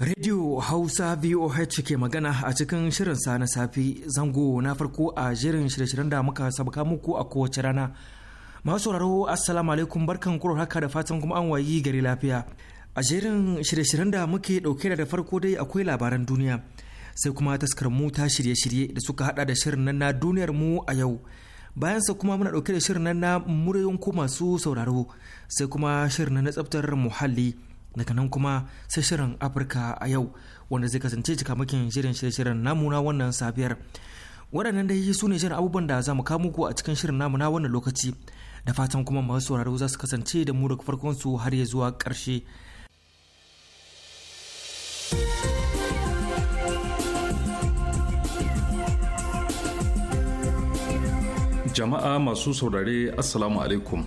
Radio Hausa VOH ke magana a cikin shirin sa na safi zango na farko a jirin shirye-shiryen da muka sabuka muku a kowace rana. Masu sauraro Assalamu alaikum barkan kuro haka da fatan kuma an wayi gari lafiya. A jerin shirye-shiryen da muke dauke da farko dai akwai labaran duniya sai kuma taskar mu ta shirye-shirye da suka hada da shirin nan na duniyar mu a yau. Bayan sa kuma muna dauke da shirin nan na muryoyin ku masu sauraro sai kuma shirin na tsaftar muhalli. daga nan kuma sai shirin afirka a yau wanda zai kasance cikamakin shirin shirin namu wannan safiyar waɗannan dai su ne shirin abubuwan da za mu kamo ku a cikin shirin namu na wannan lokaci da fatan kuma masu sauraro za su kasance da mu daga farkon su har ya zuwa ƙarshe jama'a masu saurare assalamu alaikum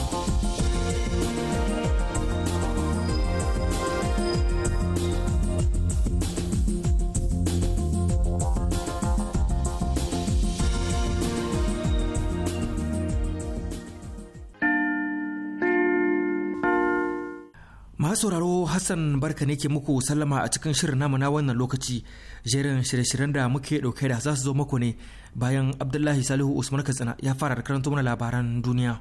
sauraro Hassan barka ne ke muku sallama a cikin shirin namu na wannan lokaci jerin shirye-shiryen da muke dauke da za su zo muku ne bayan Abdullahi Salihu Usman Katsina ya fara da karanto mana labaran duniya.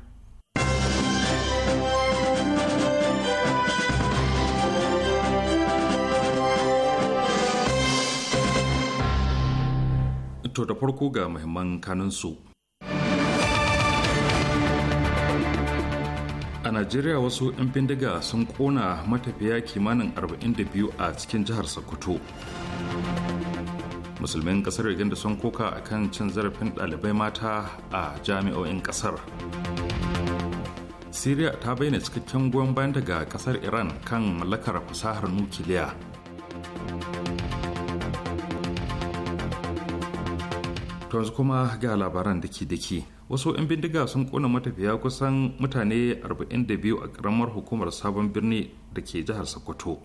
To da farko ga muhimman kanunsu. a najeriya wasu 'yan bindiga sun kona matafiya kimanin 42 a cikin jihar sokoto musulmin kasar uganda sun koka a kan cin zarafin ɗalibai mata a jami'o'in kasar siriya ta bayyana cikakken goyon bayan daga kasar iran kan mallakar fasahar nukiliya to yanzu kuma ga labaran da ke wasu 'yan bindiga sun kona matafiya kusan mutane 42 a karamar hukumar sabon birni da ke jihar sokoto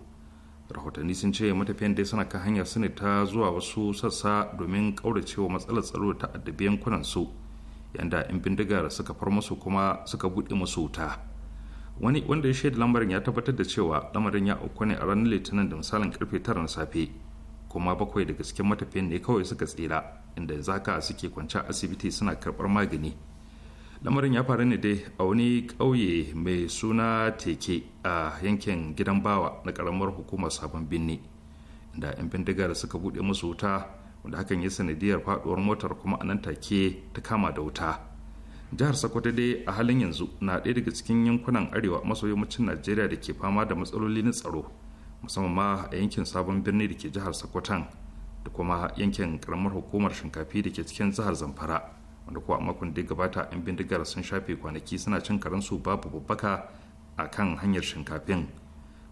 rahotanni sun ce matafiyan dai suna kan hanyar su ne ta zuwa wasu sassa domin kauracewa matsalar tsaro ta addabi yankunan su yanda 'yan bindigar suka far musu kuma suka buɗe musu wuta wani wanda ya shaida lamarin ya tabbatar da cewa lamarin ya auku ne a ranar litinin da misalin karfe tara na safe kuma bakwai daga cikin matafiyan ne kawai suka tsira inda zaka suke kwanci asibiti suna karɓar magani lamarin ya faru ne dai a wani ƙauye mai suna teke a yankin gidan bawa na ƙaramar hukumar sabon binni inda 'yan bindigar suka buɗe musu wuta wanda hakan ya sanadiyar faɗuwar motar kuma a nan take ta kama da wuta jihar sokoto dai a halin yanzu na ɗaya daga cikin yankunan arewa maso yammacin najeriya da ke fama da matsaloli na tsaro musamman ma a yankin sabon birni da ke jihar sokoton da kuma yankin karamar hukumar shinkafi da ke cikin jihar zamfara wanda kuwa makon da gabata 'yan bindigar sun shafe kwanaki suna cin karansu babu babbaka a kan hanyar shinkafin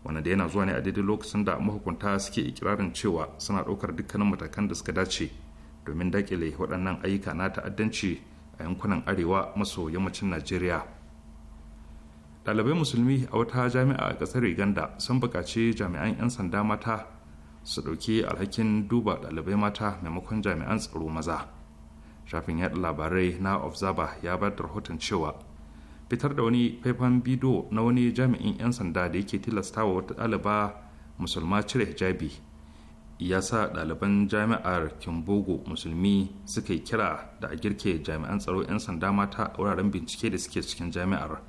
wanda da yana zuwa ne a daidai lokacin da mahukunta suke ikirarin cewa suna ɗaukar dukkanin matakan da suka dace domin dakile waɗannan ayyuka na ta'addanci a yankunan arewa maso yammacin najeriya ɗalibai musulmi a wata jami'a a ƙasar uganda sun buƙaci jami'an 'yan sanda mata su ɗauki alhakin duba ɗalibai mata maimakon jami'an tsaro maza shafin yaɗa labarai na observer ya bar da rahoton cewa fitar da wani faifan bidiyo na wani jami'in 'yan sanda da yake tilastawa wata ɗaliba musulma cire hijabi ya sa ɗaliban jami'ar kimbogo musulmi suka yi kira da a girke jami'an tsaro 'yan sanda mata a wuraren bincike da suke cikin jami'ar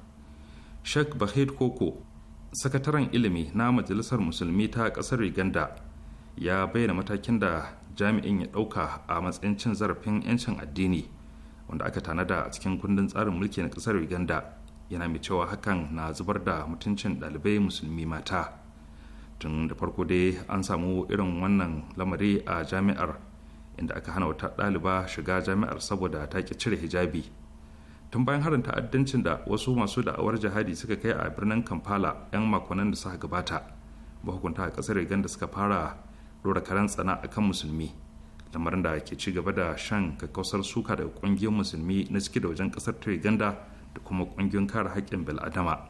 sheikh bahid koko sakataren ilimi na majalisar musulmi ta ƙasar uganda ya bayyana matakin da jami'in ya ɗauka a matsayin cin zarafin 'yancin addini wanda aka tanada a cikin kundin tsarin mulki na ƙasar uganda yana mai cewa hakan na zubar da mutuncin ɗalibai musulmi mata tun da farko dai an samu irin wannan lamari a jami'ar inda aka hana wata ɗaliba shiga jami'ar saboda ta ki cire hijabi tun bayan harin ta'addancin da wasu masu da'awar jihadi suka kai a birnin kampala 'yan makonnin da suka gabata mahukunta a ƙasar uganda suka fara ɗora karan tsana kan musulmi lamarin da ke ci gaba da shan kakkausar suka daga kungiyar musulmi na ciki da wajen kasar ta ganda da kuma kungiyar kare haƙƙin bil'adama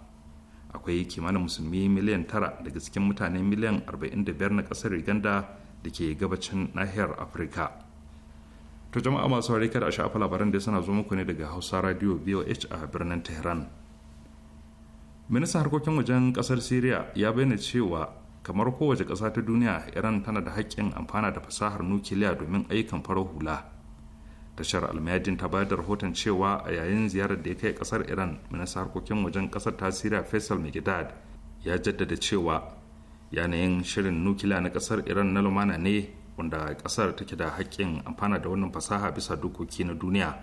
akwai kimanin musulmi miliyan tara daga cikin mutane miliyan arba'in 45 na kasar riganda da ke gabacin nahiyar afirka to jama'a masu saurari kada a shafa labaran da suna zo muku ne daga hausa radio voh a birnin tehran ministan harkokin wajen kasar syria ya bayyana cewa kamar kowace ƙasa ta duniya iran tana da haƙƙin amfana da fasahar nukiliya domin ayyukan farar hula tashar almayadin ta bayar da rahoton cewa a yayin ziyarar da ya kai ƙasar iran minista harkokin wajen ƙasar ta siriya faisal megidad ya jaddada cewa yanayin shirin nukiliya na ƙasar iran na lumana ne wanda ƙasar take da haƙƙin amfana da wannan fasaha bisa dokoki na duniya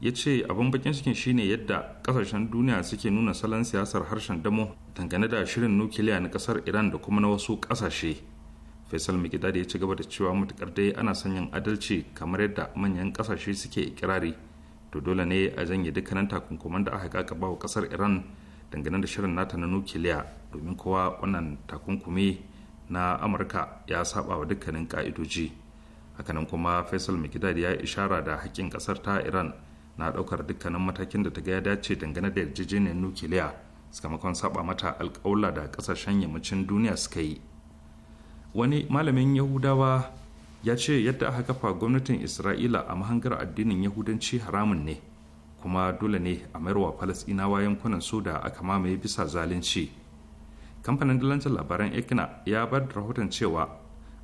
ya ce abin bakin cikin shine yadda kasashen duniya suke nuna salon siyasar harshen damo dangane da shirin nukiliya na kasar iran da kuma na wasu kasashe faisal mikidadi ya ci gaba da cewa matukar dai ana sanyin adalci kamar yadda manyan kasashe suke ikirari to dole ne a janye dukkanin takunkuman da aka kakaba wa kasar iran dangane da shirin nata na nukiliya domin kowa wannan takunkumi na amurka ya saba wa dukkanin ka'idoji hakanan kuma faisal mikidadi ya ishara da haƙƙin kasar ta iran na ɗaukar dukkanin matakin da ta ga ya dace dangane da yarjejeniyar nukiliya sakamakon saba mata alkawla da ƙasashen yammacin duniya suka yi wani malamin yahudawa ya ce yadda aka kafa gwamnatin isra'ila a mahangar addinin yahudanci haramun ne kuma dole ne a mayarwa falasɗinawa yankunan su da aka mamaye bisa zalunci kamfanin dalancin labaran ekina ya bar rahoton cewa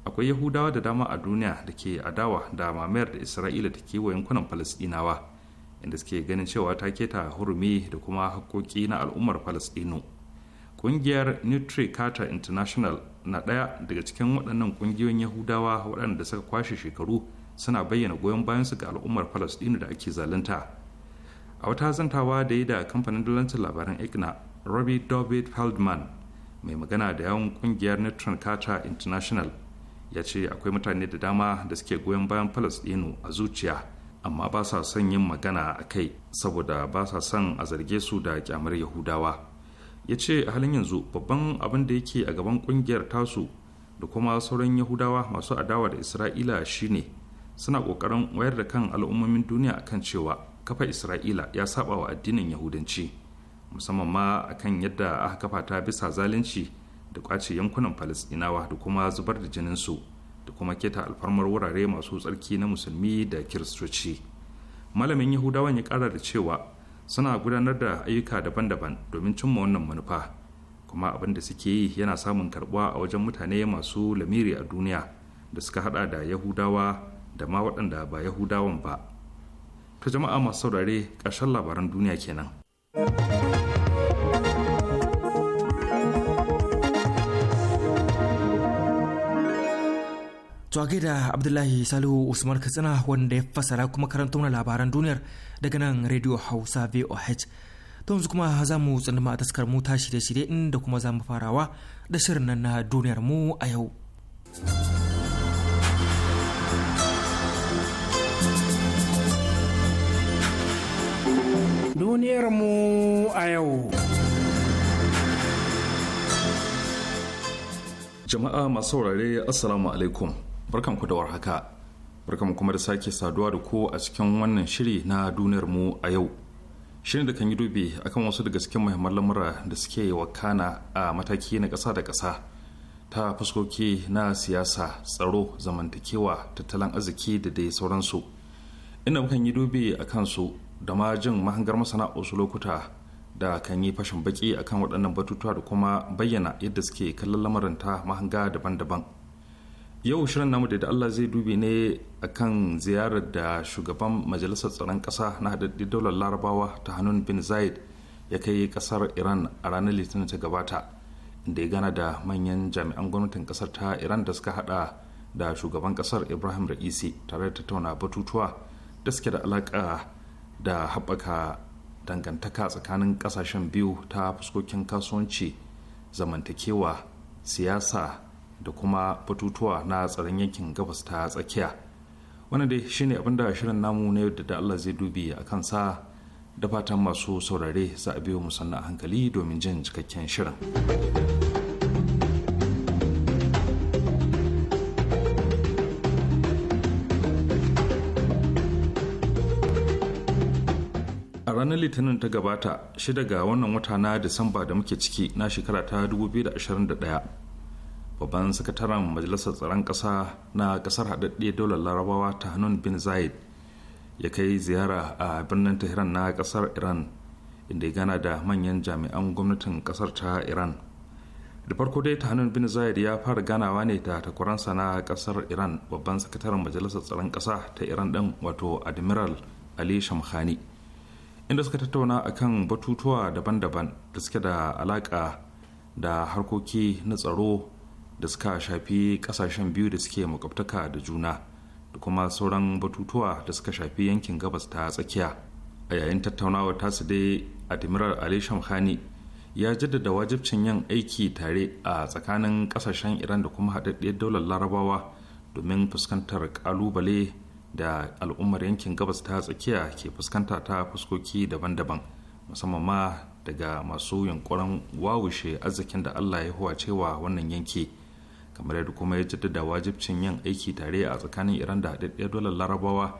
akwai yahudawa da dama a duniya da ke adawa da mamayar da isra'ila ta wa yankunan falasɗinawa inda suke ganin cewa ta keta hurumi da kuma haƙoƙi na al'ummar falasɗinu ƙungiyar nutri carter international na ɗaya daga cikin waɗannan ƙungiyoyin yahudawa waɗanda suka kwashe shekaru suna bayyana goyon bayansu ga al'ummar falasɗinu da ake zalunta a wata zantawa da yi da kamfanin dalancin labaran igna robbie david feldman mai magana da yawon ƙungiyar nutri carter international ya ce akwai mutane da dama da suke goyon bayan falasɗinu a zuciya amma ba sa son yin magana a kai saboda ba sa son a zarge su da kyamar yahudawa ya ce a halin yanzu babban abin da yake a gaban kungiyar tasu da kuma sauran yahudawa masu adawa da isra'ila shine suna kokarin wayar da kan al'ummomin duniya akan cewa kafa isra'ila ya saba wa addinin yahudanci musamman ma akan yadda aka kafa ta bisa zalunci da kwace yankunan falastinawa da kuma zubar da jininsu su da kuma keta alfarmar wurare masu tsarki na musulmi da kiristoci malamin yahudawan ya kara da cewa suna gudanar da ayyuka daban-daban domin cimma wannan manufa kuma abin da suke yi yana samun karbuwa a wajen mutane masu lamiri a duniya da suka hada da yahudawa da ma waɗanda ba yahudawan ba ta jama'a masu saurare ƙarshen labaran duniya kenan. To a gaida Abdullahi Salihu Usman Katsina wanda ya fassara kuma karanta mana labaran duniyar daga nan Radio Hausa VOH. To yanzu kuma za mu tsunduma a taskar mu tashi da shirye inda kuma za mu farawa da shirin nan na duniyar mu a yau. Duniyar mu a yau. Jama'a masu saurare Assalamu alaikum. barkan ku da haka barkanku kuma da sake saduwa da ku a cikin wannan shiri na duniyar mu a yau shirin da kan yi dubi akan wasu daga cikin muhimman lamura da suke wakana a mataki na ƙasa da ƙasa ta fuskoki na siyasa tsaro zamantakewa tattalin arziki da dai sauransu ina kan yi dubi a kansu da ma jin mahangar masana lokuta da kan yi fashin baki akan waɗannan batutuwa da kuma bayyana yadda suke kallon lamarin ta mahanga daban-daban yau shirin namu da Allah zai dubi ne akan ziyarar da shugaban majalisar tsaron ƙasa na haɗaɗɗen daular larabawa ta hannun bin zaid ya kai ƙasar iran a ranar litinin ta gabata inda ya gana da manyan jami'an gwamnatin ƙasar ta iran da suka haɗa da shugaban ƙasar ibrahim ra'isi tare da tattauna batutuwa da suke da alaƙa da haɓaka dangantaka tsakanin ƙasashen biyu ta fuskokin kasuwanci zamantakewa siyasa da kuma batutuwa na tsaron yankin gabas ta tsakiya wannan dai shine abin da shirin namu na yadda da Allah zai dubi a kansa da fatan masu saurare za a biyo musanna a hankali domin jin cikakken shirin a ranar litinin ta gabata shida ga wannan wata na disamba da muke ciki na shekara ta 2021 babban sakataren majalisar tsaron ƙasa na ƙasar haɗaɗɗe dole larabawa ta hannun bin zayed ya kai ziyara a birnin tehran na kasar iran inda ya gana da manyan jami'an gwamnatin ƙasar ta iran da farko dai ta hannun bin zayed ya fara ganawa ne da takwaransa na ƙasar iran babban sakataren majalisar tsaron ƙasa ta iran ɗin wato admiral ali shamkhani inda suka tattauna akan batutuwa daban-daban da suke da alaƙa da harkoki na tsaro da suka shafi kasashen biyu da suke makwabtaka da juna da kuma sauran batutuwa da suka shafi yankin gabas ta tsakiya a yayin tattaunawa ta su dai admiral ali shamkhani ya jaddada wajibcin yin aiki tare a tsakanin kasashen iran da kuma haɗaɗɗiyar daular larabawa domin fuskantar kalubale da al'ummar yankin gabas ta tsakiya ke fuskanta ta fuskoki daban-daban musamman ma daga masu yunkurin wawushe arzikin da allah ya cewa wannan yanki kamar yadda kuma ya jaddada wajibcin yin aiki tare a tsakanin iran da haɗaɗɗiyar dolar larabawa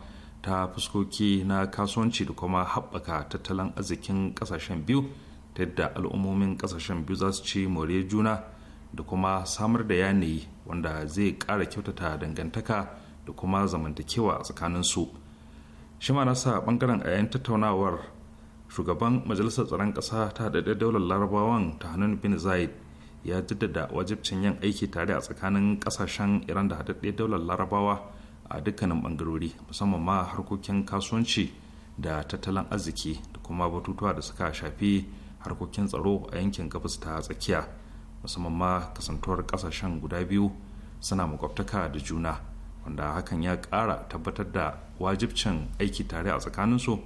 ta fuskoki na kasuwanci da kuma haɓaka tattalin arzikin ƙasashen biyu ta yadda al'ummomin ƙasashen biyu za su ci more juna da kuma samar da yanayi wanda zai ƙara kyautata dangantaka da kuma zamantakewa a tsakaninsu shi ma nasa ɓangaren a yayin tattaunawar shugaban majalisar tsaron ƙasa ta haɗaɗɗiyar dolar larabawan ta hannun bin zaid ya jaddada wajibcin yin aiki tare a tsakanin kasashen iran da haɗaɗɗe daular larabawa a dukkanin ɓangarori musamman ma harkokin kasuwanci da tattalin arziki da kuma batutuwa da suka shafi harkokin tsaro a yankin gabas ta tsakiya musamman ma kasantuwar kasashen guda biyu suna makwabtaka da juna wanda hakan ya ƙara tabbatar da wajibcin aiki tare a tsakaninsu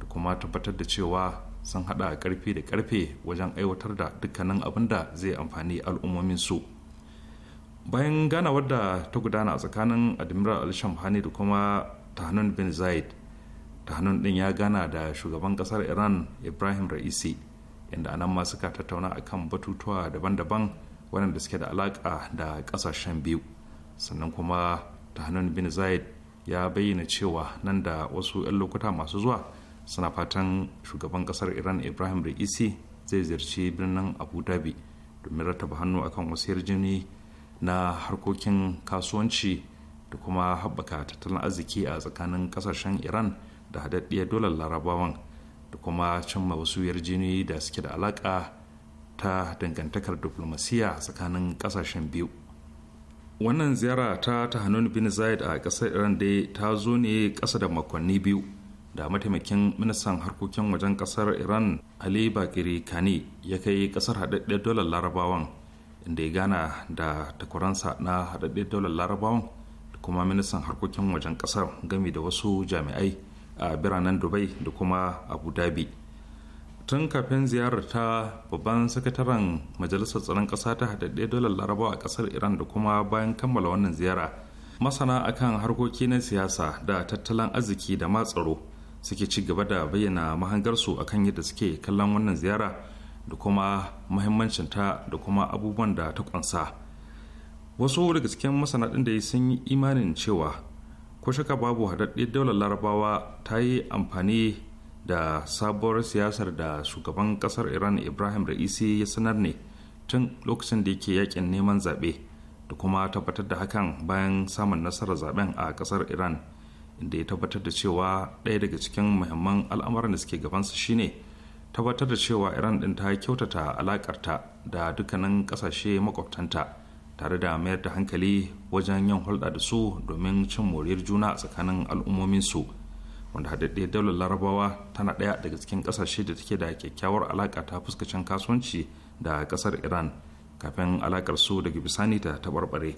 da kuma tabbatar da cewa sun haɗa karfi da karfe wajen aiwatar da dukkanin abin da zai amfani al'ummomin su bayan ganawar da ta gudana a tsakanin admiral al-shamhani da kuma tahanun bin zaid tahanun din ya gana da shugaban kasar iran ibrahim ra'isi inda anan ma suka tattauna akan batutuwa daban-daban waɗanda suke da alaƙa da ƙasashen biyu sannan kuma tahanun bin zaid ya bayyana cewa nan da wasu 'yan lokuta masu zuwa suna fatan shugaban kasar iran ibrahim Raisi zai ziyarci birnin abu dhabi domin rattaba hannu akan wasu yarjini na harkokin kasuwanci da kuma haɓaka tattalin arziki a tsakanin kasashen iran da haɗaɗɗiyar dolar larabawan da kuma cimma wasu yarjini da suke da alaƙa ta dangantakar diplomasiya tsakanin kasashen biyu wannan ziyara ta ta hannun bin zayed a ƙasar iran dai ta zo ne ƙasa da makonni biyu da mataimakin ministan harkokin wajen kasar iran ali bakiri kani ya kai kasar haɗaɗɗen dolar larabawan inda ya gana da takwaransa na haɗaɗɗen dolar larabawan da kuma ministan harkokin wajen kasar gami da wasu jami'ai a biranen dubai da kuma abu dhabi tun kafin ziyarar ta babban sakataren majalisar tsaron kasa ta haɗaɗɗe dolar larabawa a kasar iran da kuma bayan kammala wannan ziyara masana akan harkoki na siyasa da tattalin arziki da ma tsaro suke ci gaba da bayyana mahangarsu akan yadda suke kallon wannan ziyara da kuma muhimmancinta da kuma abubuwan da ta kunsa wasu daga cikin masana ɗin da sun yi imanin cewa ko shaka babu haɗaɗɗe daular larabawa ta yi amfani da sabuwar siyasar da shugaban ƙasar iran ibrahim ra'isi ya sanar ne tun lokacin da yake yakin neman zaɓe da kuma tabbatar da hakan bayan samun nasarar zaɓen a ƙasar iran inda ya tabbatar da cewa ɗaya daga cikin muhimman al'amuran da suke gabansa shine tabbatar da cewa iran ɗin ta kyautata alakarta da dukkanin ƙasashe makwabtanta tare da mayar da hankali wajen yin hulɗa da su domin cin moriyar juna a tsakanin al'ummominsu wanda haɗaɗɗe daular larabawa tana ɗaya daga cikin ƙasashe da take da kyakkyawar alaƙa ta fuskacin kasuwanci da ƙasar iran kafin alaƙar su daga bisani ta taɓarɓare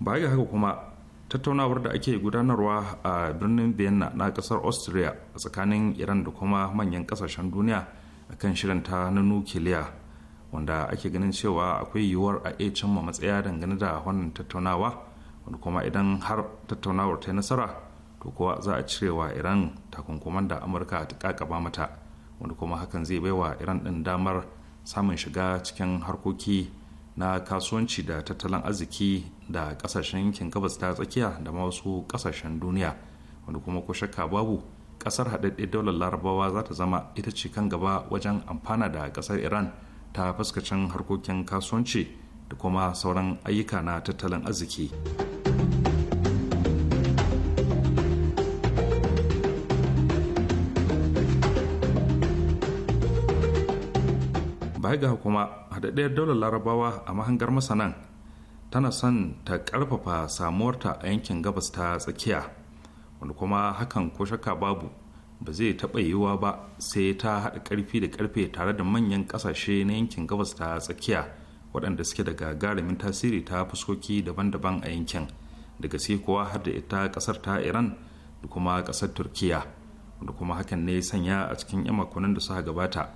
baya haka kuma tattaunawar da ake gudanarwa a birnin vienna na kasar austria a tsakanin iran da kuma manyan kasashen duniya akan shirin ta na nukiliya wanda ake ganin cewa akwai yiwuwar a iya cimma matsaya dangane da wannan tattaunawa wanda kuma idan har tattaunawar ta nasara to kuwa za a cirewa iran takunkuman da amurka ta kakaba mata wanda kuma hakan zai baiwa iran din damar samun shiga cikin harkoki na kasuwanci da tattalin arziki da kasashen yankin gabas ta tsakiya da ma wasu kasashen duniya wanda kuma ko shakka babu kasar haɗaɗɗe daular larabawa za ta zama ita ce kan gaba wajen amfana da kasar iran ta fuskacin harkokin kasuwanci da kuma sauran ayyuka na tattalin arziki baya ga kuma hadaddiyar daular larabawa a mahangar masanan tana son ta karfafa samuwarta a yankin gabas ta tsakiya wanda kuma hakan ko shakka babu ba zai taɓa yiwuwa ba sai ta haɗa ƙarfi da ƙarfe tare da manyan ƙasashe na yankin gabas ta tsakiya waɗanda suke da gagarumin tasiri ta fuskoki daban-daban a yankin daga sai kuwa har da ita ƙasar ta iran da kuma ƙasar turkiya wanda kuma hakan ne sanya a cikin 'yan makonnin da suka gabata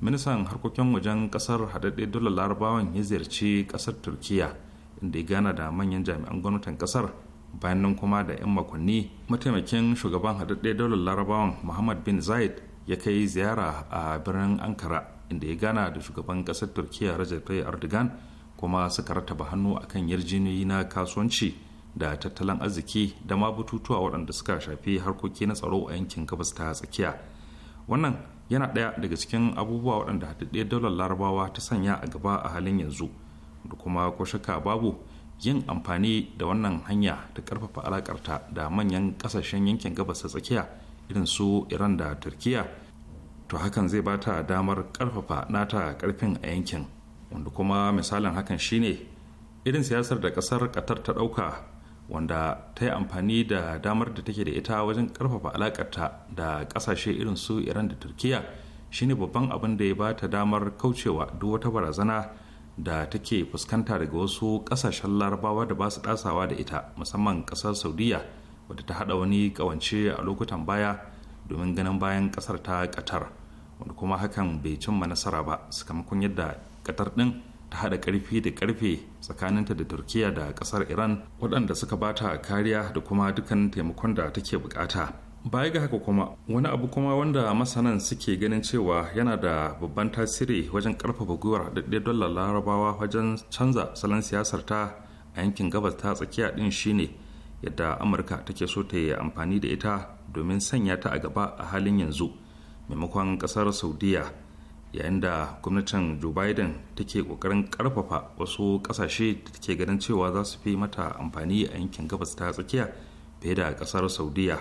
ministan harkokin wajen ƙasar haɗaɗɗe dole larabawan ya ziyarci ƙasar turkiya da ya gana da manyan jami'an gwamnatin kasar bayan nan kuma da 'yan makonni mataimakin shugaban haɗaɗɗe daular larabawan muhammad bin zayed ya kai ziyara a birnin ankara inda ya gana da shugaban ƙasar turkiya rajab tayyip erdogan kuma suka rataba hannu a kan yarjejeniyoyi na kasuwanci da tattalin arziki da ma bututuwa waɗanda suka shafi harkoki na tsaro a yankin gabas ta tsakiya wannan yana ɗaya daga cikin abubuwa waɗanda haɗaɗɗe daular larabawa ta sanya a gaba a halin yanzu da kuma ko shakka babu yin amfani da wannan hanya da karfafa alakarta da manyan kasashen yankin gabas ta tsakiya irin su iran da turkiya to hakan zai ba ta damar karfafa nata karfin a yankin wanda kuma misalin hakan shine irin siyasar da kasar ƙatar ta dauka wanda ta yi amfani da damar da take da ita wajen karfafa alakarta da kasashe irin su iran da turkiya shine babban abin da ya ba ta damar kaucewa duk wata barazana da take fuskanta daga wasu kasashen larabawa da ba su dasawa da ita musamman kasar saudiya wadda ta hada wani kawance a lokutan baya domin ganin bayan kasar ta qatar wanda kuma hakan bai cimma nasara ba sakamakon yadda qatar din ta hada karfi da karfe tsakaninta da turkiya da kasar iran waɗanda suka bata kariya da kuma dukkan taimakon da take bukata baya ga haka kuma wani abu kuma wanda masanan suke ganin cewa yana da babban tasiri wajen karfafa gwiwar haɗaɗɗiyar dollar larabawa wajen canza salon siyasar ta a yankin gabas ta tsakiya din shine yadda amurka take so ta yi amfani da ita domin sanya ta a gaba a halin yanzu maimakon kasar saudiya yayin da gwamnatin joe biden take kokarin karfafa wasu kasashe da take ganin cewa za su fi mata amfani a yankin gabas ta tsakiya fiye da kasar saudiya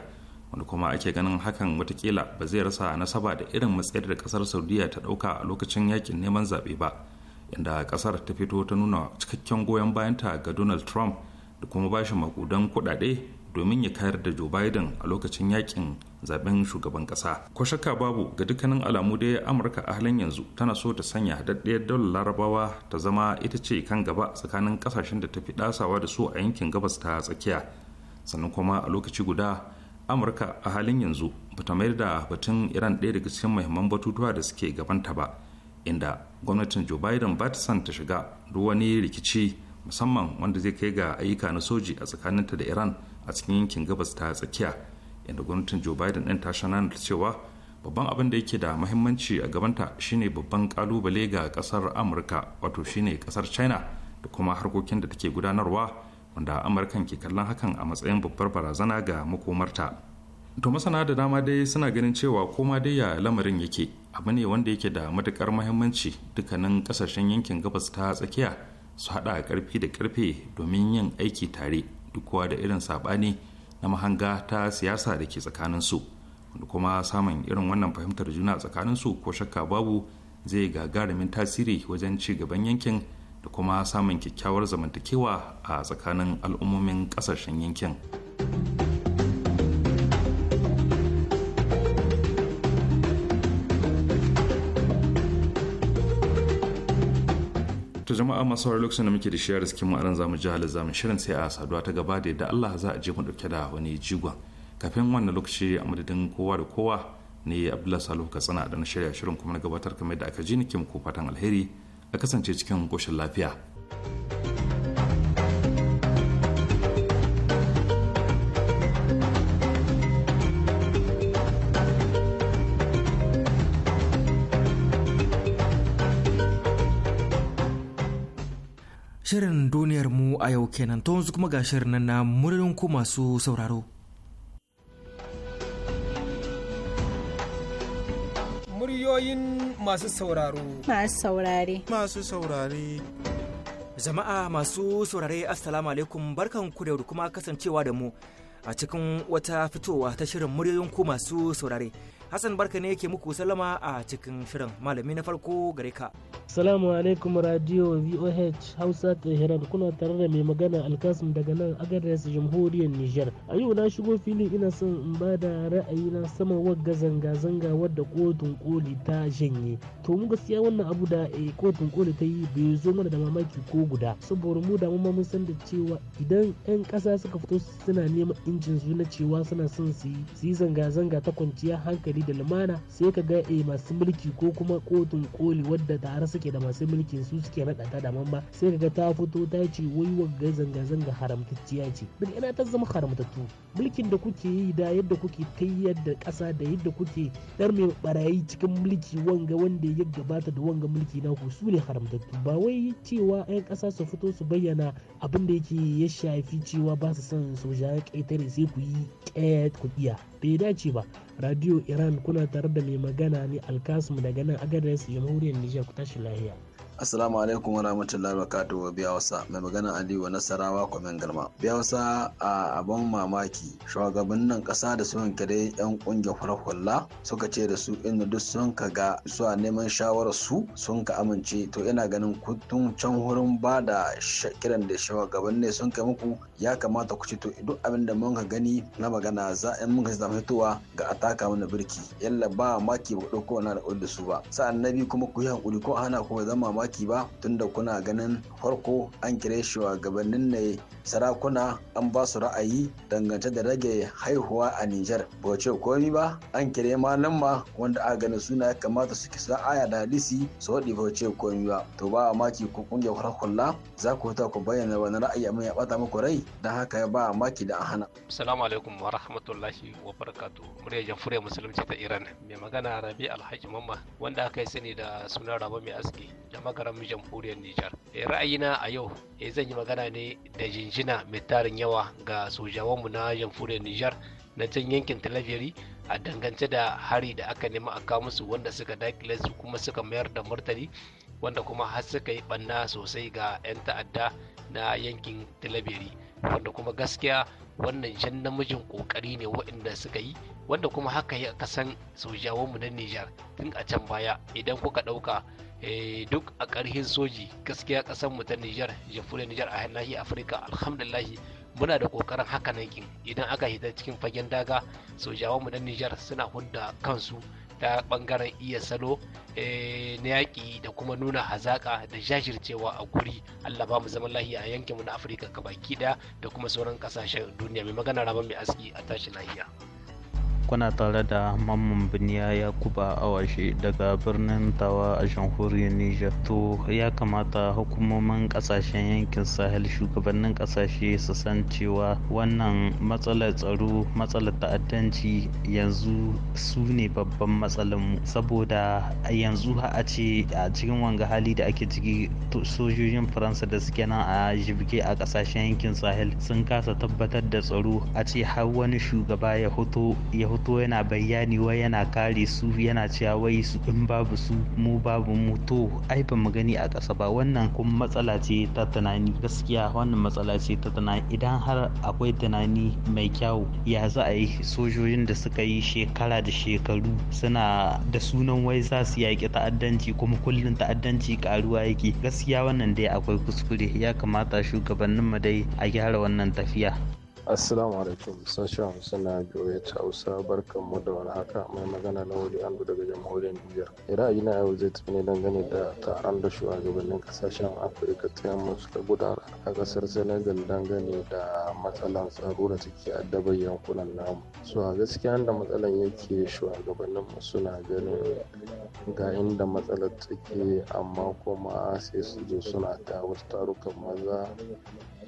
wanda kuma ake ganin hakan watakila ba zai rasa nasaba da irin matsayar da kasar saudiya ta dauka a lokacin yakin neman zaɓe ba inda kasar ta fito ta nuna cikakken goyon bayanta ga donald trump da kuma ba shi makudan kudade domin ya kayar da joe biden a lokacin yakin zaben shugaban kasa ko shakka babu ga dukkanin alamu dai amurka a halin yanzu tana so ta sanya haɗaɗɗiyar daular larabawa ta zama ita ce kan gaba tsakanin kasashen da ta fi ɗasawa da su a yankin gabas ta tsakiya sannan kuma a lokaci guda amurka a halin yanzu bata mayar da batun iran ɗaya daga cikin muhimman batutuwa da suke gabanta ba inda gwamnatin joe biden ba ta son ta shiga duk wani rikici musamman wanda zai kai ga ayyuka na soji a tsakaninta da iran a cikin yankin gabas ta tsakiya inda gwamnatin joe biden ɗin ta da cewa babban abin da yake da mahimmanci a gabanta shine babban kalubale ga kasar amurka wato shine kasar china da kuma harkokin da take gudanarwa wanda amurkan ke kallon hakan a matsayin babbar barazana ga makomarta to masana da dama dai suna ganin cewa koma dai ya lamarin yake abu ne wanda yake da matukar mahimmanci dukkanin kasashen yankin gabas ta tsakiya su hada karfi da karfe domin yin aiki tare dukuwa da irin sabani na mahanga ta siyasa da ke tsakanin su wanda kuma samun irin wannan fahimtar juna tsakanin su ko shakka babu zai gagarumin tasiri wajen ci gaban yankin da kuma samun kyakkyawar zamantakewa a tsakanin al'ummomin kasashen yankin. ta jama'a masu wari lokacin da muke da shiyar suke mu aran zamu ji halin zamu shirin sai a saduwa ta gaba da yadda Allah za a je mu dauke da wani jigon kafin wannan lokaci a madadin kowa da kowa ne Abdullahi Salihu Katsina da na shirya shirin kuma na gabatar kamar da aka ji nake muku fatan alheri a kasance cikin ƙoshin lafiya. Shirin duniyar mu a yau kenan to yanzu kuma ga shirin nan na murnin ku masu sauraro. ra'ayoyin masu sauraro. Masu saurare. Masu saurare. Jama'a masu saurare Assalamu alaikum barkan ku da kuma kasancewa da mu a cikin wata fitowa ta shirin muryoyin ku masu saurare. Hassan barka ne yake muku salama a cikin shirin malami na farko gare ka. Salamu alaikum radio VOH Hausa Tehran kuna tare da mai magana Alkasim daga nan Agadez Jamhuriyar Nijar. A yau na shigo filin ina son in ba da ra'ayina sama wagga zanga-zanga wadda kotun koli ta janye. To mu gaskiya wannan abu da eh, kotun koli ta yi bai zo mana da mamaki ko guda. Saboda mu da mun san da cewa idan 'yan ƙasa suka fito suna neman injin su na cewa suna son su yi zanga-zanga ta kwanciya hankali hankali da lumana sai ka ga eh, masu mulki ko kuma kotun koli wadda tare suke da masu mulki su suke naɗa ta da mamma sai ka ga ta fito ta ce wai wagga zanga-zanga haramtacciya ce duk ina ta zama haramtattu mulkin da kuke yi da yadda kuke tayyar da ƙasa da yadda kuke dar mai barayi cikin mulki wanga wanda ya gabata da wanga mulki na ku su ne haramtattu ba wai cewa 'yan ƙasa su fito su bayyana abin da yake ya shafi cewa ba su son sojan ƙetare sai ku yi ƙet ku iya bai dace ba radio iran kuna tare da mai magana ne alkasmu daga nan agadez jamhuriyar nijar ku tashi lahiya Assalamu alaikum wa rahmatullahi wa barakatuhu biya Hausa. mai magana Aliyu Nasarawa kwamen galma. bi hausa a abin mamaki shugabannin kasa da sun kare yan kungiyar farfalla suka ce da su inda duk sun ka ga suwa neman shawarar su sun ka amince to ina ganin tun can wurin ba da kiran da shugaban ne sun kai muku ya kamata ku ci to duk abin da mun ka gani na magana za a mun ka zama fitowa ga ataka mana birki yalla ba maki ba ku dauko na da su ba sa'an nabi kuma ku yi hakuri ko hana ku zama mamaki mamaki ba tunda kuna ganin farko an kire shugabannin ne sarakuna an ba su ra'ayi dangance da rage haihuwa a Nijar. Ba ce komi ba an kire malam ma wanda a gani suna ya kamata su kisa aya da hadisi su waɗi ba ce komi ba. To ba maki ku kungiyar farkulla za ku ta ku bayyana wani ra'ayi amma ya bata muku rai don haka ya ba maki da a hana. Assalamu alaikum wa rahmatullahi wa barakatu. Muryar jamhuriyar musulunci ta Iran mai magana Rabi Alhaji Mamma wanda aka yi sani da sunan Rabo mai aski. Jama'a magaran jamhuriyar Nijar. Eh, ra'ayina a yau eh, zan yi magana ne da jinjina mai tarin yawa ga sojawanmu na jamhuriyar Nijar na can yankin talabiri a dangance da hari da aka nema a kawo musu wanda suka dakile su kuma suka mayar da martani wanda kuma har suka yi ɓanna sosai ga 'yan ta'adda na yankin talabiri wanda kuma gaskiya wannan jan namijin kokari ne waɗanda suka yi wanda kuma haka ya kasan sojawanmu na Nijar tun a can baya idan kuka ɗauka eh, duk a ƙarhin soji gaskiya ƙasar mu ta Nijar jamhuriyar Nijar a nahiyar Afirka alhamdulillahi muna da kokarin haka nan idan aka hita cikin fagen daga sojawanmu na Nijar suna hudda kansu ta bangaren iya salo eh, na yaƙi da kuma nuna hazaƙa da jajircewa a guri Allah ba mu zaman lahiya a yankinmu na Afirka baki ɗaya da kuma sauran ƙasashen duniya mai magana rabon mai aski a tashi lahiya. kuna tare da mamman biniya yakuba awashi daga birnin tawa a jamhuriyar niger to ya kamata hukumomin kasashen yankin sahel shugabannin kasashe su san cewa wannan matsalar tsaro matsalar ta'addanci yanzu su ne babban matsalar mu saboda yanzu ha a ce a cikin wanga hali da ake ciki sojojin faransa da suke nan a jibge a kasashen yankin sahel sun kasa tabbatar da tsaro a ce har wani shugaba ya hoto ya fito yana bayani wai yana kare su yana cewa wai su in babu su mu babu mu to ai ba mu gani a ƙasa ba wannan kuma matsala ce ta tunani gaskiya wannan matsala ce ta tunani idan har akwai tunani mai kyau ya za a yi sojojin da suka yi shekara da shekaru suna da sunan wai za su yaƙi ta'addanci kuma kullum ta'addanci karuwa yake gaskiya wannan dai akwai kuskure ya kamata shugabanninmu dai a gyara wannan tafiya Assalamu alaikum sashen Hausa na ta Hausa barkan mu da wani haka mai magana na wuri Andu daga jamhuriyar Nijar. Ra'ayi na yau zai tafi ne dangane da taron da shugabannin kasashen Afirka ta yamma suka gudanar a kasar Senegal dangane da matsalan tsaro da take addabar yankunan namu. su a gaskiya da matsalan yake shugabannin mu suna ganin ga inda matsalar take amma kuma sai su zo suna ta wasu tarukan maza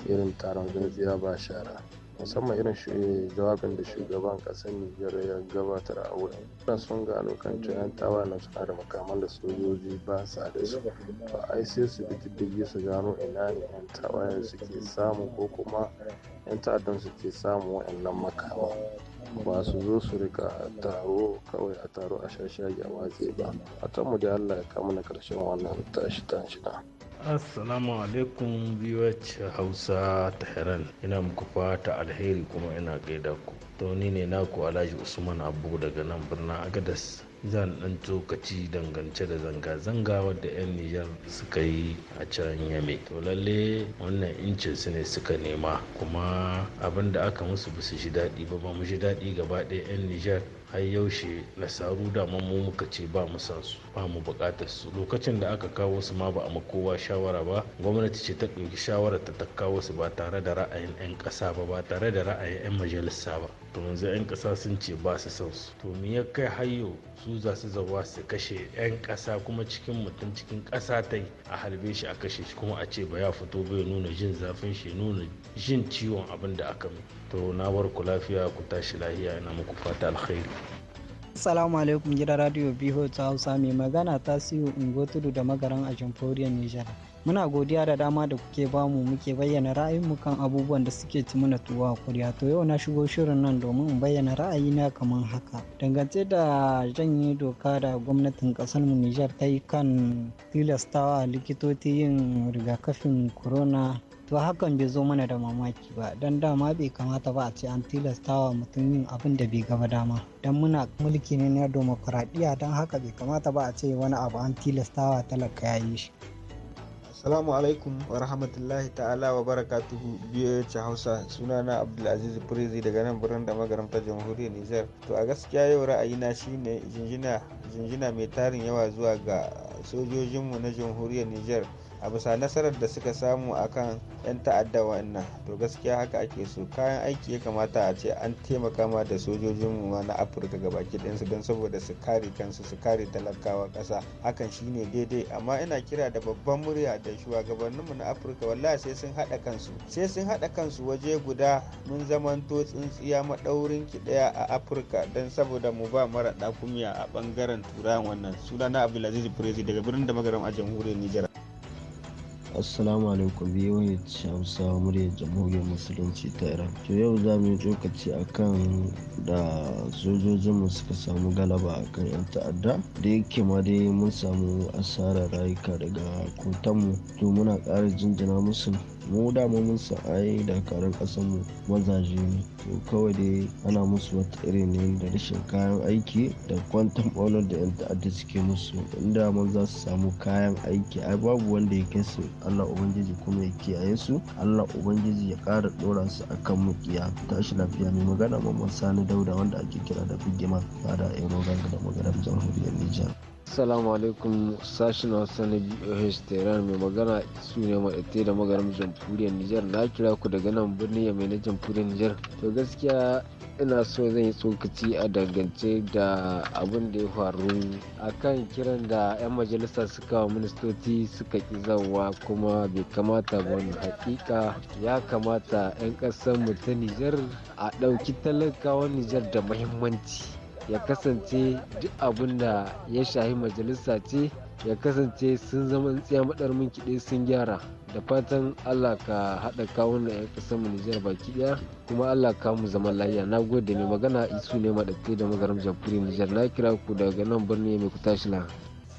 irin taron gargajiya ba shara musamman irin eh, jawabin da shugaban kasar nijar ya gabatar a wurin suna sun gano kan tawa na suna da makaman da sojoji ba sa da su to ai sai su bi diddigi su gano ina ne yan tawayen suke samu ko kuma yan ta'addan suke samu wa'annan makaman ba su zo su rika taro kawai a taro a shashagi a watsi ba a mu da allah ya kama na karshen wannan tashi tashi na assalamu alaikum biwac hausa tehran ina muku fata alheri kuma ina gaida ku to ni ne naku alhaji usman abu daga nan birnin agadas zan dan tsokaci dangance da zanga-zanga wadda 'yan nijar suka yi a can yame to lalle wannan incin su ne suka nema kuma abin da aka musu ba su ji daɗi ba ba mu ji daɗi gaba ɗaya 'yan nijar har yaushe lasaru da mu muka ce ba mu san su ba mu bukatar su lokacin da aka kawo su ma ba a kowa shawara ba gwamnati ce ta ɗauki shawarar ta ta kawo su ba tare da ra'ayin 'yan ƙasa ba ba tare da ra'ayin 'yan majalisa ba to yanzu 'yan ƙasa sun ce ba su son su to ya kai hayo su za su zawa su kashe 'yan ƙasa kuma cikin mutum cikin ƙasa ta yi a harbe shi a kashe shi kuma a ce ba ya fito bai nuna jin zafin shi nuna jin ciwon abin da aka mai to na bar ku lafiya ku tashi lahiya ina muku fata alkhairi Assalamu alaikum gidan radio biho ta Hausa mai magana ta siyo Ungo Tudu da magaran a jamhuriyar Nijar. muna godiya da dama da kuke bamu muke bayyana ra'ayinmu kan abubuwan da suke ci mana tuwa kuriya to yau na shigo shirin nan domin in bayyana ra'ayina kamar haka dangance da janye doka da gwamnatin kasar mu Nijar ta yi kan tilastawa likitoci yin rigakafin korona, to hakan bai zo mana da mamaki ba don dama bai kamata ba a ce an tilastawa mutum yin abin da bai gaba dama don muna mulki ne na demokuraɗiyya don haka bai kamata ba a ce wani abu an tilastawa talaka ya yi shi Salamu alaikum wa rahmatullahi ta'ala wa barakatuhu biyu Hausa sunana Abdulaziz Prezi daga nan birnin da ta jamhuriyar Nijar. To a gaskiya yau ra'ayi na shine jinjina jinjina mai tarin yawa zuwa ga sojojinmu na jamhuriyar Nijar a bisa nasarar da suka samu a kan 'yan ta'adda wannan to gaskiya haka ake so kayan aiki ya kamata a ce an taimaka ma da sojojinmu ma na afirka gabaki su don saboda su kare kansu su kare talakawa kasa hakan shine daidai amma ina kira da babban murya da mu na afirka wallahi sai sun haɗa kansu sai sun haɗa kansu waje guda mun zamanto tsintsiya maɗaurin ki ɗaya a afirka don saboda mu ba mara ɗakumiya a ɓangaren turawan wannan sunana abdulaziz firezi daga birnin da magaram a jamhuriyar nijar assalamu alaikum biyoyi hausa murya jamhuriyar musulunci ta iran to yau za mu yi tsokaci kan da sojojinmu suka samu galaba akan yan ta'adda da yake ma dai mun samu asarar rayuka daga kotanmu to muna ƙara jinjina musu mu dama mun sa ai dakarun kasan mu mazaje ne to kawai dai ana musu wata irin ne da rashin kayan aiki da kwantan ɓaunar da yan ta'adda suke musu inda mun za su samu kayan aiki ai babu wanda ya kai su Allah ubangiji kuma ya kiyaye su Allah ubangiji ya kara dora su akan mukiya tashi lafiya mai magana mamman sani dauda wanda ake kira da bigima fada ero ganga da maganar jamhuriyar Nijar. Assalamu alaikum sashen Hausa na BOH Tehran mai magana su ne maɗate da magaram jamhuriyar Nijar na kira ku daga nan birnin yamai na jamhuriyar Nijar. To gaskiya ina so zan yi tsokaci a dangance da abin da ya faru a kan kiran da 'yan majalisa suka wa ministoci suka ƙi zawa kuma bai kamata ba wani hakika ya kamata 'yan ƙasar mu ta Nijar a ɗauki talakawan Nijar da muhimmanci. ya kasance duk abin da ya shahi majalisa ce ya kasance sun zama tsiya madar mun kiɗe sun gyara da fatan allah ka haɗa kawun na ya kasar mu nijar baki ɗaya kuma allah ka mu zaman lafiya na gode mai magana isu ne maɗaɗɗe da magaram jamhuriyar nijar na kira ku daga nan birni mai ku tashi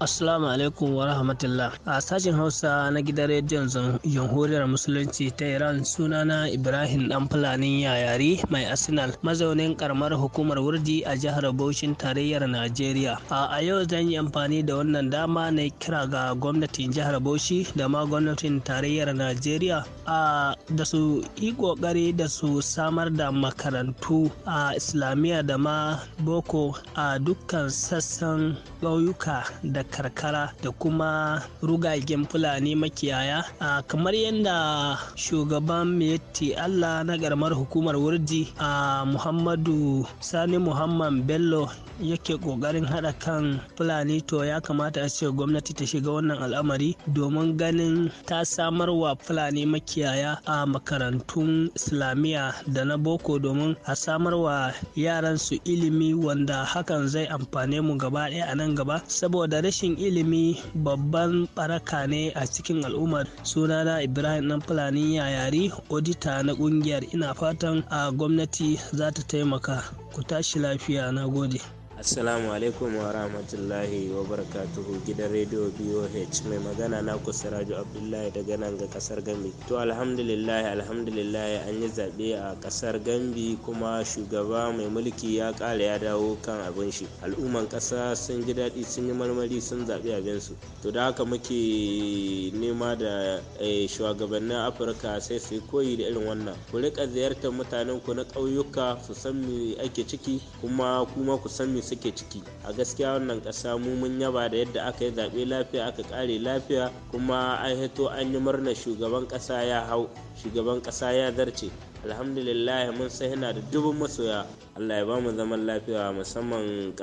Assalamu alaikum wa rahmatullah. A sashen Hausa na gidan rediyon Jamhuriyar Musulunci ta Iran sunana Ibrahim Dan Fulani Yayari mai Arsenal mazaunin karamar hukumar wurdi a jihar Bauchin tarayyar Najeriya. A yau zan yi amfani da wannan dama na kira ga gwamnatin jihar Bauchi da ma gwamnatin tarayyar Najeriya a da su yi kokari da su samar da makarantu a Islamiyya da ma Boko a dukkan sassan ƙauyuka da karkara da kuma rugagen fulani makiyaya a kamar yadda shugaban miyatti allah na garmar hukumar wurji a muhammadu sani muhammad bello yake kokarin hada kan fulani to ya kamata a ce gwamnati ta shiga wannan al'amari domin ganin ta samar wa fulani makiyaya a makarantun islamiyya da na boko domin a samar wa yaran su ilimi wanda hakan zai amfane mu gaba ɗaya a nan gaba saboda rashin ilimi babban baraka ne a cikin al'ummar sunana ibrahim dan fulani ya yayari odita na kungiyar ina fatan a gwamnati za ta taimaka ku tashi lafiya na gode Assalamu alaikum wa rahmatullahi wa barakatuhu gidan rediyo BOH mai magana na Siraju Abdullahi daga nan ga kasar Gambi. To alhamdulillah alhamdulillahi an yi zaɓe a ƙasar Gambi kuma shugaba mai mulki ya ƙara ya dawo kan abin shi. Al'umman ƙasa sun ji daɗi sun yi marmari sun zaɓi abin su. To da haka muke nema da eh, shugabannin Afirka sai su koyi da irin wannan. Ku riƙa ziyartar mutanen ku na ƙauyuka su san me ake ciki kuma kuma ku san me suke ciki a gaskiya wannan kasa mu mun yaba da yadda aka yi zaɓe lafiya aka ƙare lafiya kuma an hito an yi murnar shugaban ƙasa ya hau shugaban ƙasa ya zarce alhamdulillah mun sai yana da dubu masoya allah ya ba mu zaman lafiya musamman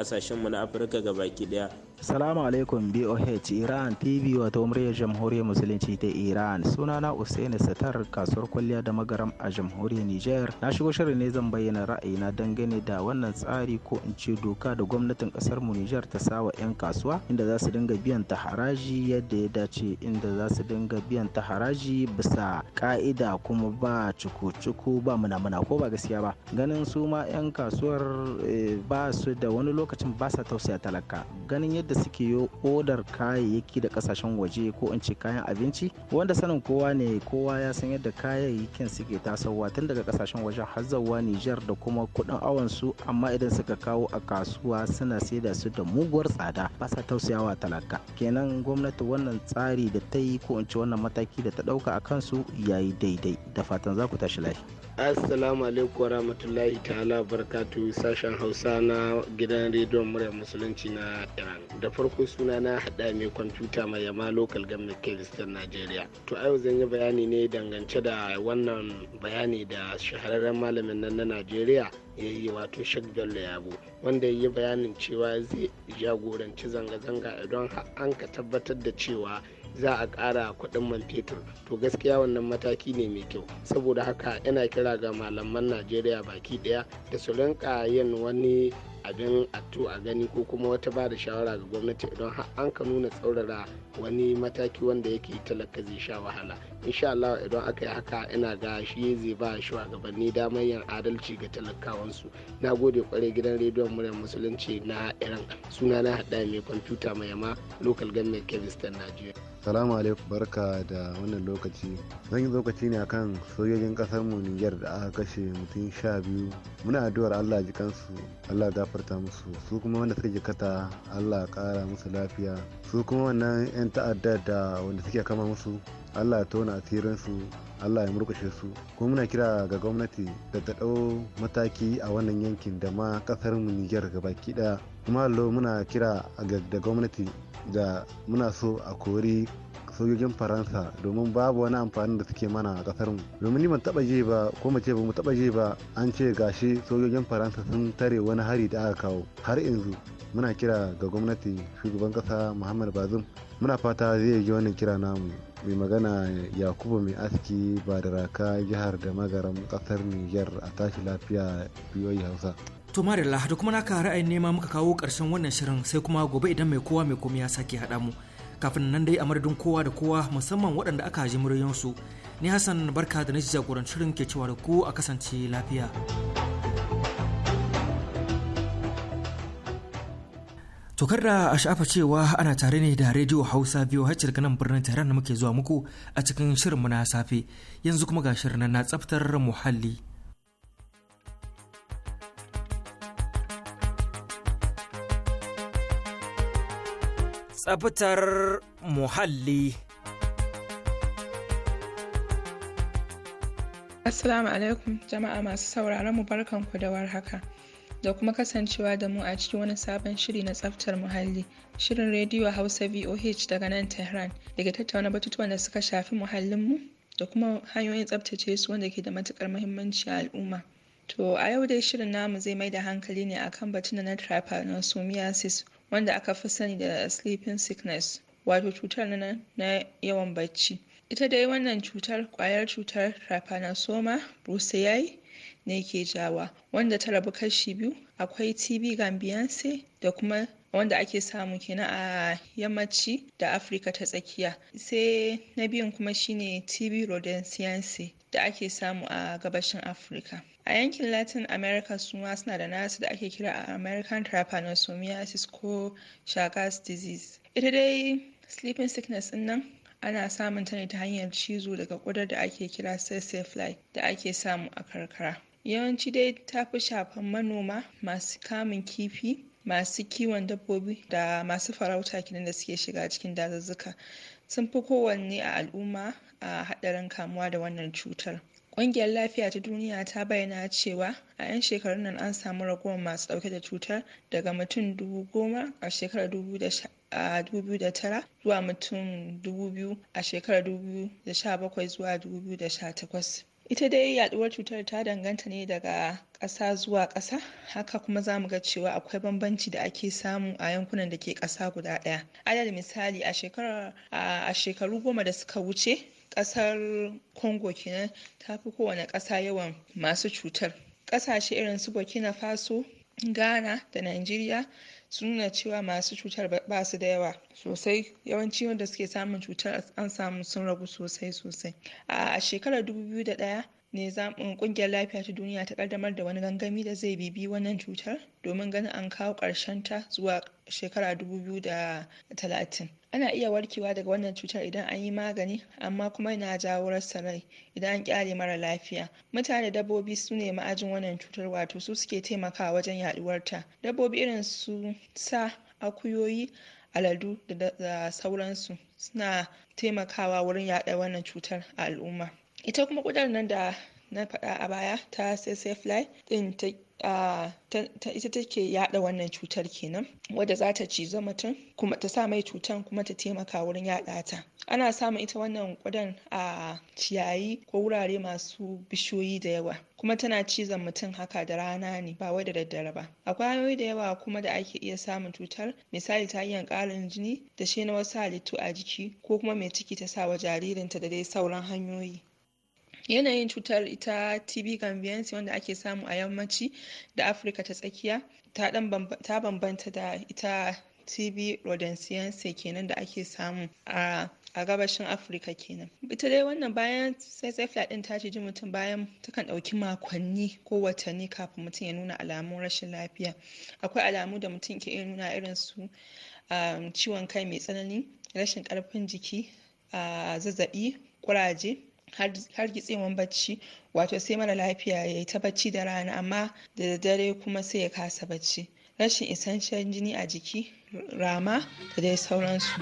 mu na afirka ga baki ɗaya Salamu alaikum BOH Iran TV wato muryar jamhuriyar musulunci ta Iran sunana Usaini Satar kasuwar kwalliya da magaram a jamhuriyar Nijar na shigo shirin ne zan bayyana ra'ayina dangane da wannan tsari ko in ce doka da gwamnatin kasar mu Nijar ta sawa 'yan kasuwa inda za su dinga biyan ta haraji yadda ya dace inda za su dinga biyan ta haraji bisa ka'ida kuma ba cuku-cuku ba muna-muna ko ba gaskiya ba ganin su ma 'yan kasuwar eh, ba su da wani lokacin ba sa tausaya talaka ganin yadda yadda suke yi odar kayayyaki da kasashen waje ko in ce kayan abinci wanda sanin kowa ne kowa ya san yadda kayayyakin suke tasowa tun daga kasashen waje har zauwa Nijar da kuma kudin awon su amma idan suka kawo a kasuwa suna saida su da muguwar tsada ba sa tausayawa talaka kenan gwamnati wannan tsari da ta yi ko in ce wannan mataki da ta ɗauka a kansu yayi daidai da fatan za ku tashi lafiya. assalamu alaikum warahmatullahi ta'ala barkatu sashen hausa na gidan rediyon murya musulunci na iran da farko suna na hada mai kwamfuta mai yama local government kiristan nigeria to a yau zan yi bayani ne dangance da wannan bayani da shahararren malamin nan na nigeria ya yi wato shagbel yabo wanda ya yi bayanin cewa zai jagoranci zanga-zanga idan an ka tabbatar da cewa za a ƙara kuɗin man fetur to gaskiya wannan mataki ne mai kyau saboda haka yana kira ga malaman najeriya baki ɗaya da su rinka yin wani abin ato a gani ko kuma wata ba da shawara ga gwamnati idan an ka nuna tsaurara wani mataki wanda yake talaka zai sha wahala insha Allah idan aka yi haka ina ga shi zai ba shugabanni damar yin adalci ga talakawansu na gode kwarai gidan rediyon muryar musulunci na iran suna na hada mai kwamfuta mai yama local government kevistan najeriya salamu alaikum barka da wannan lokaci zan yi lokaci ne akan sojojin kasar mu niger da aka kashe mutum sha biyu muna addu'ar allah ji kansu allah gafarta musu su kuma wanda suka jikata allah kara musu lafiya su kuma wannan yan ta'adda da wanda suke kama musu allah tona asirin su allah ya murkushe su kuma muna kira ga gwamnati da ta ɗau mataki a wannan yankin da ma kasar mu niger gabaki ɗaya kuma allo muna kira da gwamnati da muna so a kori sojojin faransa domin babu wani amfani da suke mana a kasar mu domin ni taba je ba ko mu ce ba mu taba je ba an ce gashi sojojin faransa sun tare wani hari da aka kawo har yanzu muna kira ga gwamnati shugaban kasa muhammad bazum muna fata zai yi wannan kira namu mai magana yakubu mai aski ba da raka jihar da magaram kasar niger a tashi lafiya biyoyi hausa To Marilla da kuma naka ra'ayin nema muka kawo ƙarshen wannan shirin sai kuma gobe idan mai kowa mai komai ya sake haɗa mu. Kafin nan dai a madadin kowa da kowa musamman waɗanda aka ji su Ni Hassan barka da na jagorancin shirin ke cewa da ku a kasance lafiya. To da a sha'afa cewa ana tare ne da rediyo Hausa biyu har daga nan birnin Tehran da muke zuwa muku a cikin shirin mu na safe yanzu kuma ga shirin na tsaftar muhalli. tsabtar muhalli. Assalamu alaikum jama'a masu sauraron mu barkanku da haka, da kuma kasancewa da mu a cikin wani sabon shiri na tsaftar muhalli shirin rediyo hausa voh daga nan tehran daga tattauna batutuwan da suka shafi muhallin mu, da kuma hanyoyin tsaftace su wanda ke da matukar muhimmanci a al'umma to a yau dai shirin namu zai mai da hankali ne akan batun na trypanosomiasis wanda aka fi sani da sleeping sickness wato cutar nan na yawan bacci ita dai wannan cutar kwayar cutar trypanosoma brucei ne ke jawa wanda ta rabu kashi biyu akwai tb gambiyanse da kuma wanda ake samu kenan a yammaci da afirka ta tsakiya sai na biyun kuma shine tb rhodesense da ake samu a gabashin afirka a yankin latin america suma suna da nasu da ake kira a american trypanosomiasis ko chagas disease ita dai sleeping sickness din nan ana samun ta ne ta hanyar cizo daga ƙudar da ake kira sessile fly da ake samu a karkara yawanci dai ta fi shafan manoma masu kamun kifi masu kiwon dabbobi da masu farauta kenan da suke shiga cikin dazuzzuka sun fi kowanne a al'umma a haɗarin kamuwa da wannan cutar Ƙungiyar Lafiya ta Duniya ta bayyana cewa a 'yan shekarun nan an samu raguwar masu ɗauke da cutar daga mutum 10,000 a shekarar 2009 zuwa mutum 2,000 a shekarar 2017 zuwa 2018. ita dai yaduwar cutar ta danganta ne daga ƙasa zuwa ƙasa haka kuma zamu ga cewa akwai bambanci da ake samu a yankunan da ke ƙasa guda ɗaya adadin misali a shekaru goma da suka wuce ƙasar congo kenan ta fi kowane ƙasa yawan masu cutar ƙasashe irin su burkina faso ghana da nigeria sun nuna cewa masu cutar ba su da yawa sosai yawanci wanda suke samun cutar an samu sun ragu sosai sosai a shekarar dubu biyu da ɗaya. ne zaɓin ƙungiyar lafiya ta duniya ta ƙaddamar da wani gangami da zai bibi wannan cutar domin ganin an kawo ta zuwa shekara da talatin. ana iya warkewa daga wannan cutar idan an yi magani amma kuma yana jawo rasa rai idan an ƙyale mara lafiya mutane dabbobi su ne ma'ajin wannan cutar wato su suke taimakawa wajen ta dabbobi irin su sa akuyoyi aladu da sauransu suna taimakawa wurin yaɗa wannan cutar a al'umma ita kuma kudar nan da na faɗa a baya ta fly din ta ita take yada wannan cutar kenan wadda za ta cizo mutum kuma ta sa mai cutar kuma ta taimaka wurin yada ta ana samun ita wannan kudan a ciyayi ko wurare masu bishiyoyi da yawa kuma tana cizon mutum haka da rana ne ba wai da daddare ba akwai hanyoyi da yawa kuma da ake iya samun cutar misali ta hanyar ƙarin jini da shi na wasu halittu a jiki ko kuma mai ciki ta sa wa jaririnta da dai sauran hanyoyi yanayin cutar ita tb gambiyansi wanda ake samu a yammaci da afirka ta tsakiya ta bambanta da ita tb rodensiyansi kenan da ake samu a a gabashin afirka kenan ita dai wannan bayan tsaitsaifiya din ta ji mutum bayan takan ɗauki makonni ko watanni kafin mutum ya nuna alamun rashin lafiya akwai alamu da mutum ke iya nuna irin su um, ciwon kai mai tsanani rashin karfin jiki zazzabi kuraje. har gitsewan bacci wato sai mara lafiya ya yi ta bacci da rana amma da daddare kuma sai ya kasa bacci rashin isasshen jini a jiki rama da dai sauransu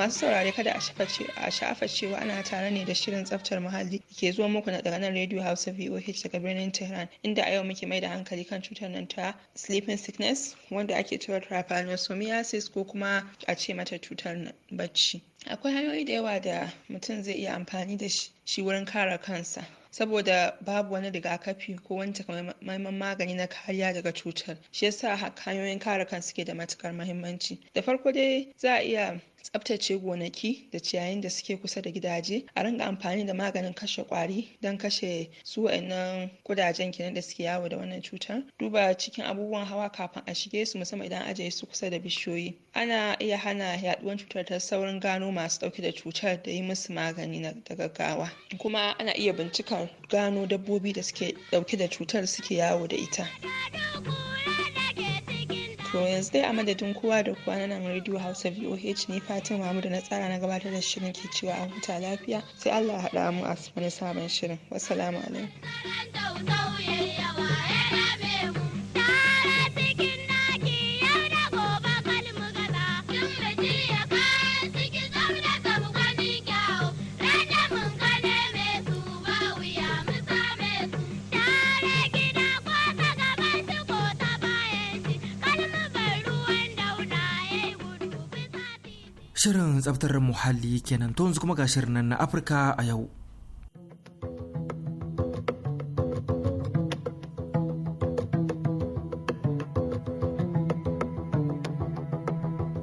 masu saurare kada a sha'afa cewa ana tare ne da shirin tsaftar muhalli ke zuwa muku na daga nan radio hausa voh daga birnin tehran inda a yau muke mai da hankali kan cutar nan ta sleeping sickness wanda ake cewa trypanosomiasis ko kuma a ce mata cutar bacci akwai hanyoyi da yawa da mutum zai iya amfani da shi wurin kare kansa saboda babu wani rigakafi ko wani takamaiman magani na kariya daga cutar shi yasa hanyoyin kare kansu suke da matukar mahimmanci da farko dai za a iya tsaftace gonaki da ciyayin da suke kusa da gidaje a ringa amfani da maganin kashe kwari don kashe su wa'annan ƙudajen kenan da suke yawo da wannan cutar duba cikin abubuwan hawa kafin a shige su musamman idan ajiye su kusa da bishiyoyi ana iya hana yaduwar cutar ta saurin gano masu dauke da cutar da yi musu magani da gaggawa kuma ana iya bincikar gano dabbobi da suke ɗauke da cutar suke yawo da ita. To yanzu dai a madadin kowa da kowa na nan Radio Hausa VOH ne Fatima Mahmud na tsara na gabatar da shirin ke cewa an huta lafiya sai Allah haɗa mu a wani sabon shirin. Wassalamu alaikum. Shirin tsabtar muhalli kenan to yanzu kuma ga shirin nan na Afirka a yau.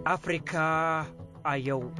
Afirka a yau.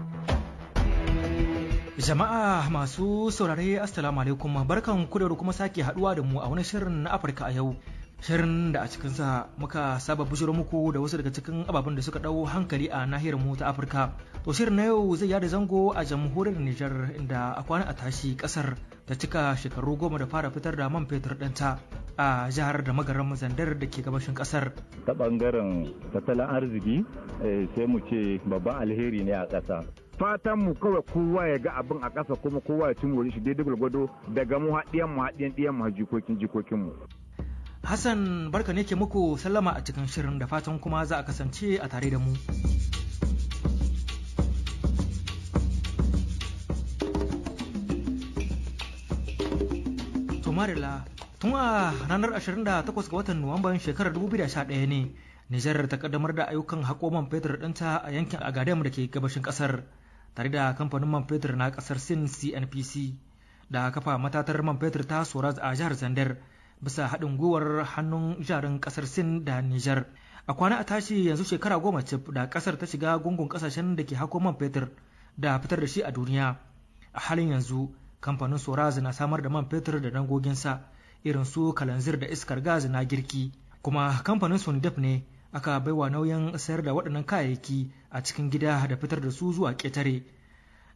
Jama'a masu saurare Assalamu alaikum barkan ku da kuma sake haduwa da mu a wani shirin na Afirka a yau. shirin da a cikinsa muka saba bishiro muku da wasu daga cikin ababen da suka dau hankali a nahiyar mu ta afirka to shirin na yau zai yada zango a jamhuriyar niger inda a kwana a tashi kasar ta cika shekaru goma da fara fitar da man fetur ɗinta a jihar da magaran zandar da ke gabashin kasar. ta bangaren tattalin arziki eh, sai mu ce babban alheri ne a ƙasa fatan mu kawai kowa ya ga abin a kasa kuma kowa ya ci mori shi daidai daga mu haɗiyan mu haɗiyan ɗiyan mu jikokin jikokin mu Hassan barka ne ke muku sallama a cikin shirin da fatan kuma za a kasance a tare da mu. Tumarila, tun a ranar 28 ga watan Nuwamban shekarar 2011 ne Nijar ta kaddamar da ayyukan haƙo man fetur ɗinta a yankin Agadem da ke gabashin ƙasar tare da kamfanin man fetur na ƙasar Sin CNPC da kafa matatar man fetur ta Soraz a jihar Zandar bisa haɗin gwiwar hannun jarin ƙasar sin da nijar a kwana a tashi yanzu shekara goma cif da ƙasar ta shiga gungun ƙasashen da ke hako man fetur da fitar da shi a duniya a halin yanzu kamfanin soraz na samar da man fetur da dangoginsa irin su kalanzir da iskar gaz na girki kuma kamfanin sundef ne aka baiwa nauyin sayar da waɗannan kayayyaki a cikin gida da fitar da su zuwa ƙetare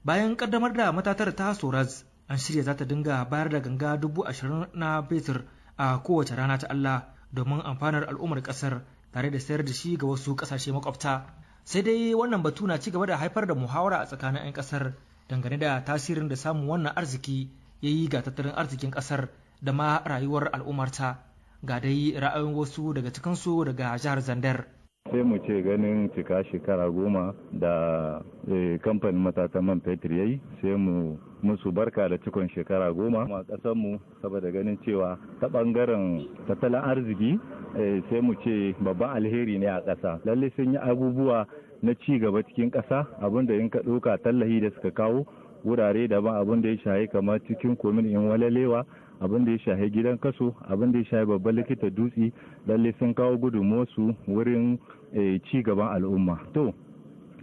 bayan ƙaddamar da matatar ta soraz an shirya za ta dinga bayar da ganga dubu ashirin na fetur a kowace rana ta Allah domin amfanar al'ummar ƙasar, tare da sayar da shi ga wasu ƙasashe makwabta sai dai wannan batu na ci gaba da haifar da muhawara a tsakanin 'yan ƙasar, dangane da tasirin da samun wannan arziki ya yi ga tattalin arzikin ƙasar da ma rayuwar al'ummarta ga dai ra'ayin wasu daga cikinsu daga jihar zandar sai mu ce ganin cika shekara goma da eh, kamfanin matatan man fetur ya sai mu musu barka da cikon shekara goma a ƙasarmu saboda ganin cewa ta ɓangaren tattalin arziki eh, sai mu ce babban alheri ne a ƙasa lalle sun yi abubuwa na ci gaba cikin ƙasa abinda in ka ɗauka tallahi da suka kawo wurare daban abinda ya shaye kamar cikin komin in walalewa abin da ya shahi gidan kaso abin da ya shahi babban likita dutse lalle sun kawo gudunmuwarsu wurin eh, ci gaban al'umma to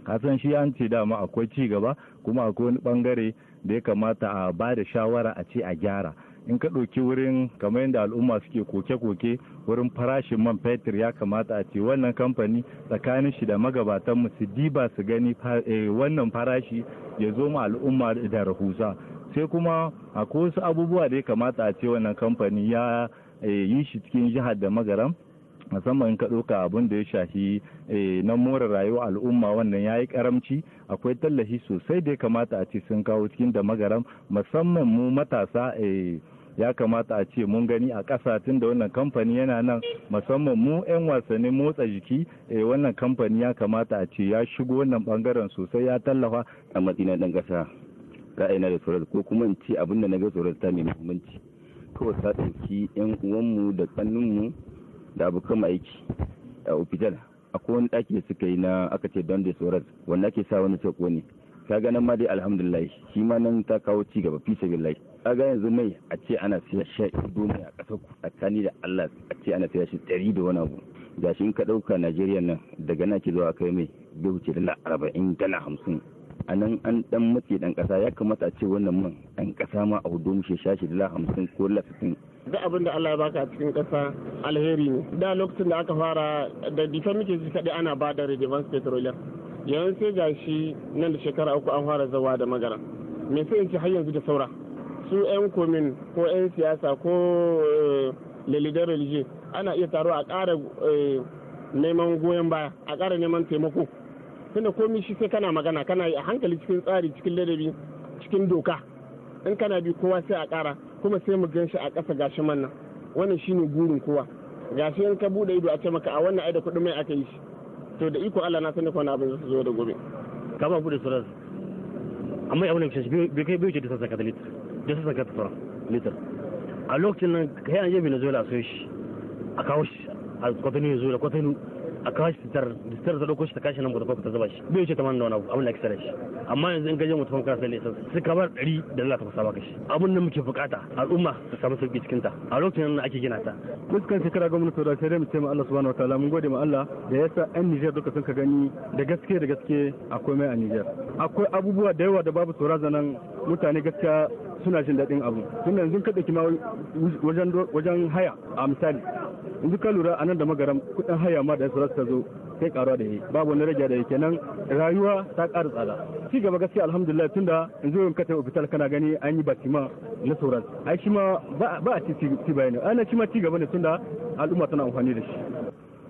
kasan shi an ce dama akwai ci gaba kuma akwai wani bangare da ya kamata a ba da shawara a ce a gyara in ka ɗauki wurin kamar yadda al'umma suke koke-koke wurin farashin man fetur ya kamata a ce wannan kamfani tsakanin shi da magabatanmu su diba su gani eh, wannan farashi ya zo ma al'umma da rahusa sai kuma akwai wasu abubuwa da ya kamata a ce wannan kamfani ya eh, yi shi cikin jihar da magaram musamman ka ɗauka abin da ya shafi eh, na more rayuwa al'umma wannan ya yi karamci akwai tallafi sosai da ya kamata a ce sun kawo cikin da magaram musamman mu matasa eh, ya kamata a ce mun gani a ƙasa tun da wannan kamfani yana nan musamman mu 'yan wasannin motsa jiki wannan kamfani ya kamata a ce ya shigo wannan bangaren sosai ya tallafa a matsayin ɗan ƙasa ra'ayina da tsoron ko kuma in ce abinda na ga tsoron ta mai muhimmanci kawai ta ɗauki yan uwanmu da ƙannunmu da abokan aiki a ofital akwai wani ɗaki da suka yi na aka ce don da tsoron wanda ake sa wani sako ne ka ga ma dai alhamdulillah shi ma nan ta kawo ci gaba fi sabilillah ka ga yanzu mai a ce ana siya sha ido mai a ƙasar ku tsakani da Allah a ce ana siya shi ɗari da wani abu shi in ka ɗauka Najeriya nan daga na ke zuwa kai mai bai wuce dala arba'in dala hamsin a nan an dan matse dan kasa ya kamata a ce wannan man dan kasa ma a hudu mushe shashi dala hamsin ko dala duk abin da Allah ya baka a cikin ƙasa alheri ne da lokacin da aka fara da difa muke ji kadai ana ba da redevance petroleum yawan sai ga nan da shekara uku an fara zawa da magara me sai in ci har yanzu da saura su 'yan komin ko 'yan siyasa ko eh, lalidar religion ana iya taruwa a ƙara eh, neman goyon baya a ƙara neman taimako tunda komi shi sai kana magana kana yi a hankali cikin tsari cikin ladabi cikin doka in kana bi kowa sai a kara kuma sai mu gan shi a ƙasa gashi manna wannan shine gurin kowa gashi in ka bude ido a ce maka a wannan aida da kuɗin mai aka yi shi to da iko Allah na sani kwana abin zai zo da gobe ka ba bude surar amma ya wani da shi bai kai bai ce da saka da litar da saka da surar litir a lokacin nan kai an na Venezuela a sayo shi a kawo shi a kwatano ya zo da a kawo shi sitar sitar ta dauko shi ta kashi nan gudu ta zuba shi bai wuce ta manna wani abu abin da ake shi amma yanzu in ka mutum kana sai lesa sai ka bar ɗari da lalata ka fasa kashi. shi abin da muke bukata al'umma ta samu sauki cikin ta a lokacin nan ake gina ta fuskan shekara gwamnati da sai dai mu ce ma Allah subhanahu wataala mun gode ma Allah da sa ɗan Niger duka sun ka gani da gaske da gaske akwai mai a Niger akwai abubuwa da yawa da babu tsoro zanen mutane gaskiya suna jin daɗin abu tun yanzu ka ɗauki ma wajen haya a misali yanzu ka lura a nan da magaram kuɗin haya ma da ya ta zo sai karuwa da yi babu wani rage da yake nan rayuwa ta ƙara tsada ci gaba gaskiya alhamdulillah tunda yanzu yin katin ofital kana gani an yi ma na sauran ai shi ma ba a ci bayan ne ana shi ma ci gaba ne tunda al'umma tana amfani da shi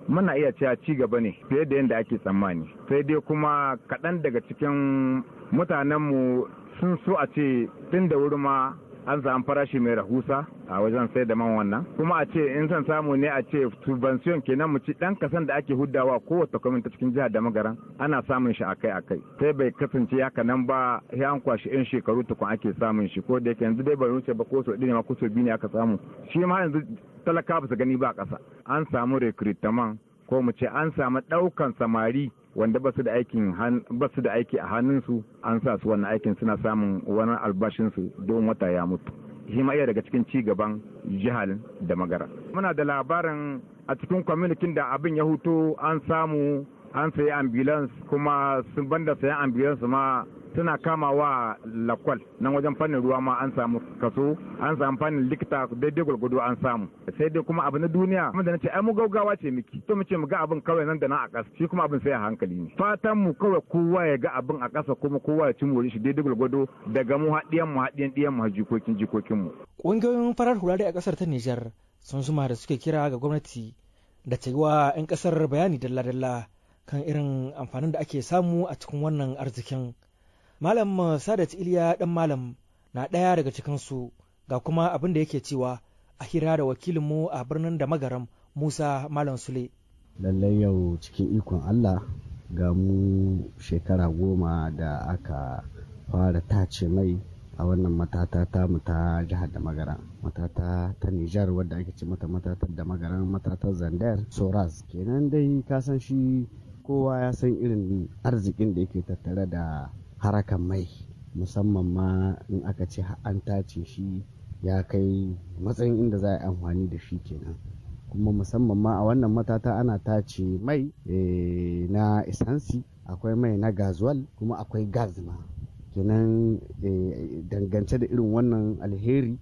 muna iya cewa ci gaba ne fiye da yadda ake tsammani sai dai kuma kaɗan daga cikin mutanenmu sun so a ce tun da wuri ma an samu farashi mai rahusa a wajen sai da man wannan kuma a ce in san samu ne a ce subvention kenan mu ci dan kasan da ake huddawa kowace ta cikin jihar da magaran ana samun shi akai akai sai bai kasance haka nan ba ya an kwashi in shekaru tukun ake samun shi ko da yake yanzu dai bai wuce ba ko so ne ma ko so biyu ne aka samu shi ma yanzu talaka ba su gani ba ƙasa an samu recruitment ko mu ce an samu ɗaukan samari wanda ba su da aikin ba su da aiki a hannunsu an sa su wannan aikin suna samun wani albashinsu don wata ya mutu shi ma iya daga cikin ci gaban jihar da magara muna da labarin a cikin kwamitin da abin ya hutu an samu an sayi ambulance kuma sun banda sayan ambulance ma suna kama wa lakwal nan wajen fannin ruwa ma an samu kaso an samu fannin likita daidai gwargwado an samu sai dai kuma abu na duniya kuma da nace ai mu gaugawa ce miki to mu ce mu ga abin kawai nan da nan a ƙasa shi kuma abin sai a hankali ne fatan mu kawai kowa ya ga abin a ƙasa kuma kowa ya ci mu shi daidai gwargwado daga mu haɗiyan mu haɗiyan ɗiyan mu jikokin jikokin mu ƙungiyoyin farar hulare a ƙasar ta Nijar sun zuma da suke kira ga gwamnati da ta yi wa 'yan ƙasar bayani dalla-dalla kan irin amfanin da ake samu a cikin wannan arzikin malam eh, sadat iliya dan malam na ɗaya daga cikinsu ga kuma abin da yake cewa a hira da wakilinmu a birnin da magaram musa malam sule lallai yau cikin ikon allah ga mu shekara goma da aka fara tace mai a wannan matata ta mu ta jihar da magara matata ta nijar wadda ake ce mata matata da magara matata zandar soras kenan dai ka san shi kowa ya san irin arzikin da yake tattare da harakan mai musamman ma in aka ce an tace shi ya kai matsayin inda za a yi amfani da shi kenan kuma musamman ma a wannan matata ana tace mai eh, na isansi akwai mai na gazuwal kuma akwai gaz ma kenan eh, dangance da irin wannan alheri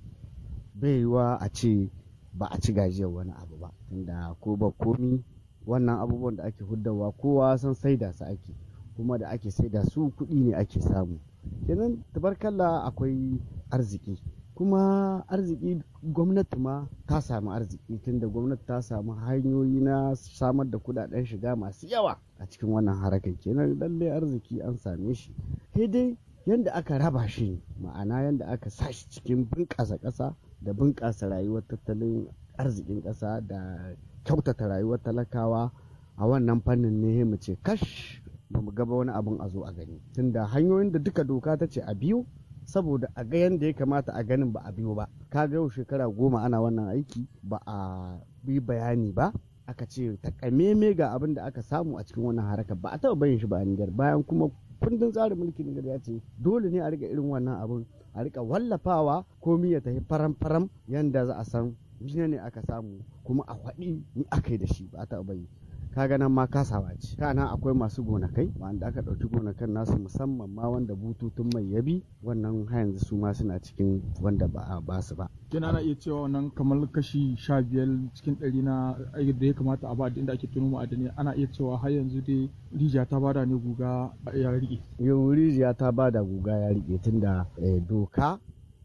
bai wa a ce ba a ci gajiyar wani abu ba tunda ko ba komi wannan abubuwan da ake huddawa kowa san da su ake kuma da ake sai da su kuɗi ne ake samu kenan tabarkalla akwai arziki kuma arziki gwamnati ma ta samu arziki tunda gwamnati ta samu hanyoyi na samar da kudaden shiga masu yawa a cikin wannan harakan kenan lalle arziki an same shi sai dai yadda aka raba shi ma'ana yadda aka sa shi cikin bunƙasa ƙasa da bunƙasa rayuwar tattalin arzikin ƙasa da kyautata rayuwar talakawa a wannan fannin ne mu ce kash ba mu gaba wani abin a zo a gani tunda hanyoyin da duka doka ta ce a biyu saboda a ga yadda ya kamata a ganin ba a biyu ba ka ga yau shekara goma ana wannan aiki ba a bi bayani ba aka ce takameme ga abin da aka samu a cikin wannan haraka ba a taɓa bayin shi ba a bayan kuma kundin tsarin mulkin na ya ce dole ne a rika irin wannan abin a rika wallafawa komi ya tafi faram-faram yadda za a san ne aka samu kuma a kwaɗi ni aka yi da shi ba a taɓa bayi ka ga nan ma kasawa ce nan akwai masu gonakai wanda aka ɗauki gonakan nasu musamman ma wanda bututun mai yabi wannan har yanzu su ma suna cikin wanda ba a ba su ba kina ana iya cewa wannan kamar kashi sha biyar cikin ɗari na da ya kamata a ba da inda ake tono ma'adani ana iya cewa har yanzu dai rijiya ta bada ne guga ya rike yau rijiya ta bada guga ya rike tunda eh, doka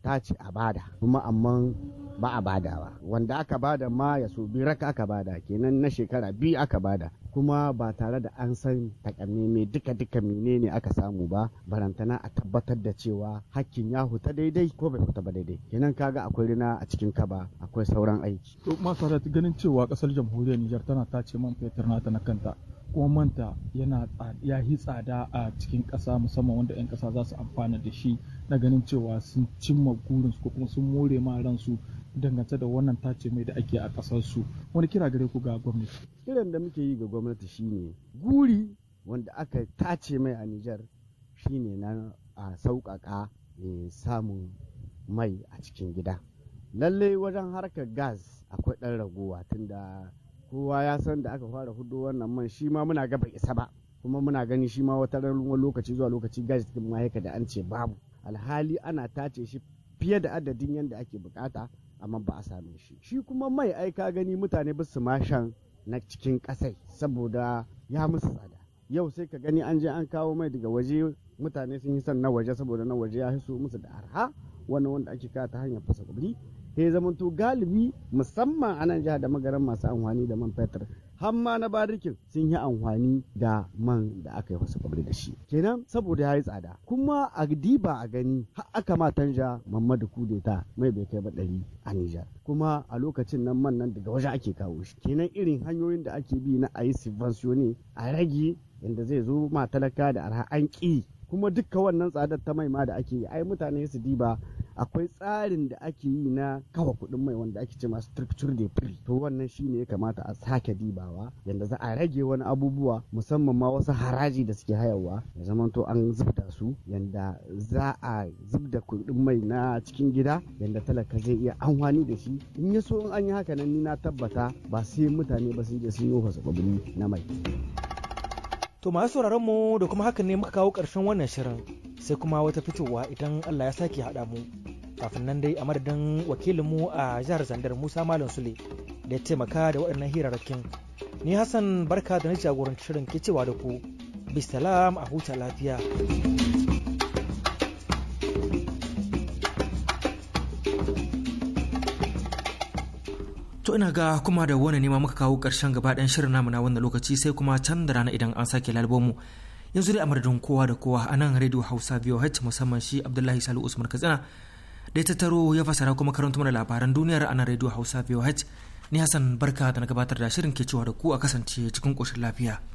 ta ce a bada kuma amma ba a badawa wanda aka bada ma ya so birak raka aka bada kenan na shekara biyu aka bada kuma ba tare da an san takamaimai duka duka menene aka samu ba barantana a tabbatar da cewa hakkin ya huta daidai ko bai huta ba daidai kenan kaga akwai rina a cikin kaba akwai sauran aiki to masu ganin cewa kasar jamhuriyar Nijar tana tace man fetur nata na kanta kuma manta yana ya yi tsada a cikin ƙasa musamman wanda 'yan ƙasa za su amfana da shi na ganin cewa sun cimma gurinsu ko kuma sun more ma ransu dangance da wannan tace mai da ake a ƙasarsu wani kira gare ku ga gwamnati kiran da muke yi ga gwamnati shine guri wanda aka tace mai a Nijar shine na a sauƙaƙa eh, samun mai a cikin gida lallai wajen harkar gas akwai ɗan raguwa tunda kowa ya san da aka fara hudu wannan man shi ma muna ga bai isa ba kuma muna gani shi ma wata ranar lokaci zuwa lokaci gaji cikin mahaifa da an ce babu alhali ana tace shi fiye da adadin yadda ake bukata amma ba a same shi shi kuma mai aika gani mutane ba su mashan na cikin kasai saboda ya musu tsada yau sai ka gani an je an kawo mai daga waje mutane sun yi son na waje saboda na waje ya su musu da arha wannan wanda ake kata hanyar fasa kubli sai zamanto galibi musamman a nan jihar da magaran masu amfani da man fetur har ma na barikin sun yi amfani da man da aka yi wasu kwabri da shi kenan saboda ya yi tsada kuma a diba a gani har aka ma tanja mamadu kudeta mai bai kai ba ɗari a nijar kuma a lokacin nan man nan daga waje ake kawo shi kenan irin hanyoyin da ake bi na ayi yi subvention a rage yadda zai zo ma talaka da arha an ƙi kuma duka wannan tsadar ta mai ma da ake yi ai mutane su diba akwai tsarin da ake yi na kawa kuɗin mai wanda ake ce masu structure de prix to wannan ne ya kamata a sake dibawa yanda za a rage wani abubuwa musamman ma wasu haraji da suke hayawa ya zama to an zubda su yanda za a zubda kuɗin mai na cikin gida yanda talaka zai iya amfani da shi in ya so in an yi haka nan ni na tabbata ba sai mutane ba su je sun yi wasu na mai. To masu sauraron mu da kuma hakan ne muka kawo ƙarshen wannan shirin sai kuma wata fitowa idan Allah ya sake haɗa mu. Kafin nan dai a madadin wakilinmu a jihar Zandar Musa Malam Sule da ya taimaka da waɗannan hirarrakin. Ni Hassan barka da na jagorancin shirin ke cewa da ku. Bisalam a huta lafiya. To ina ga kuma da wani nema muka kawo ƙarshen gaba ɗan shirin namu na wannan lokaci sai kuma can da rana idan an sake lalbomu. Yanzu dai a madadin kowa da kowa a nan Radio Hausa VOH musamman shi Abdullahi Salu Usman Katsina da ya tattaro ya fasara kuma karanta mana labaran duniyar a nan Radio Hausa VOH. Ni Hassan Barka da na gabatar da shirin ke cewa da ku a kasance cikin ƙoshin lafiya.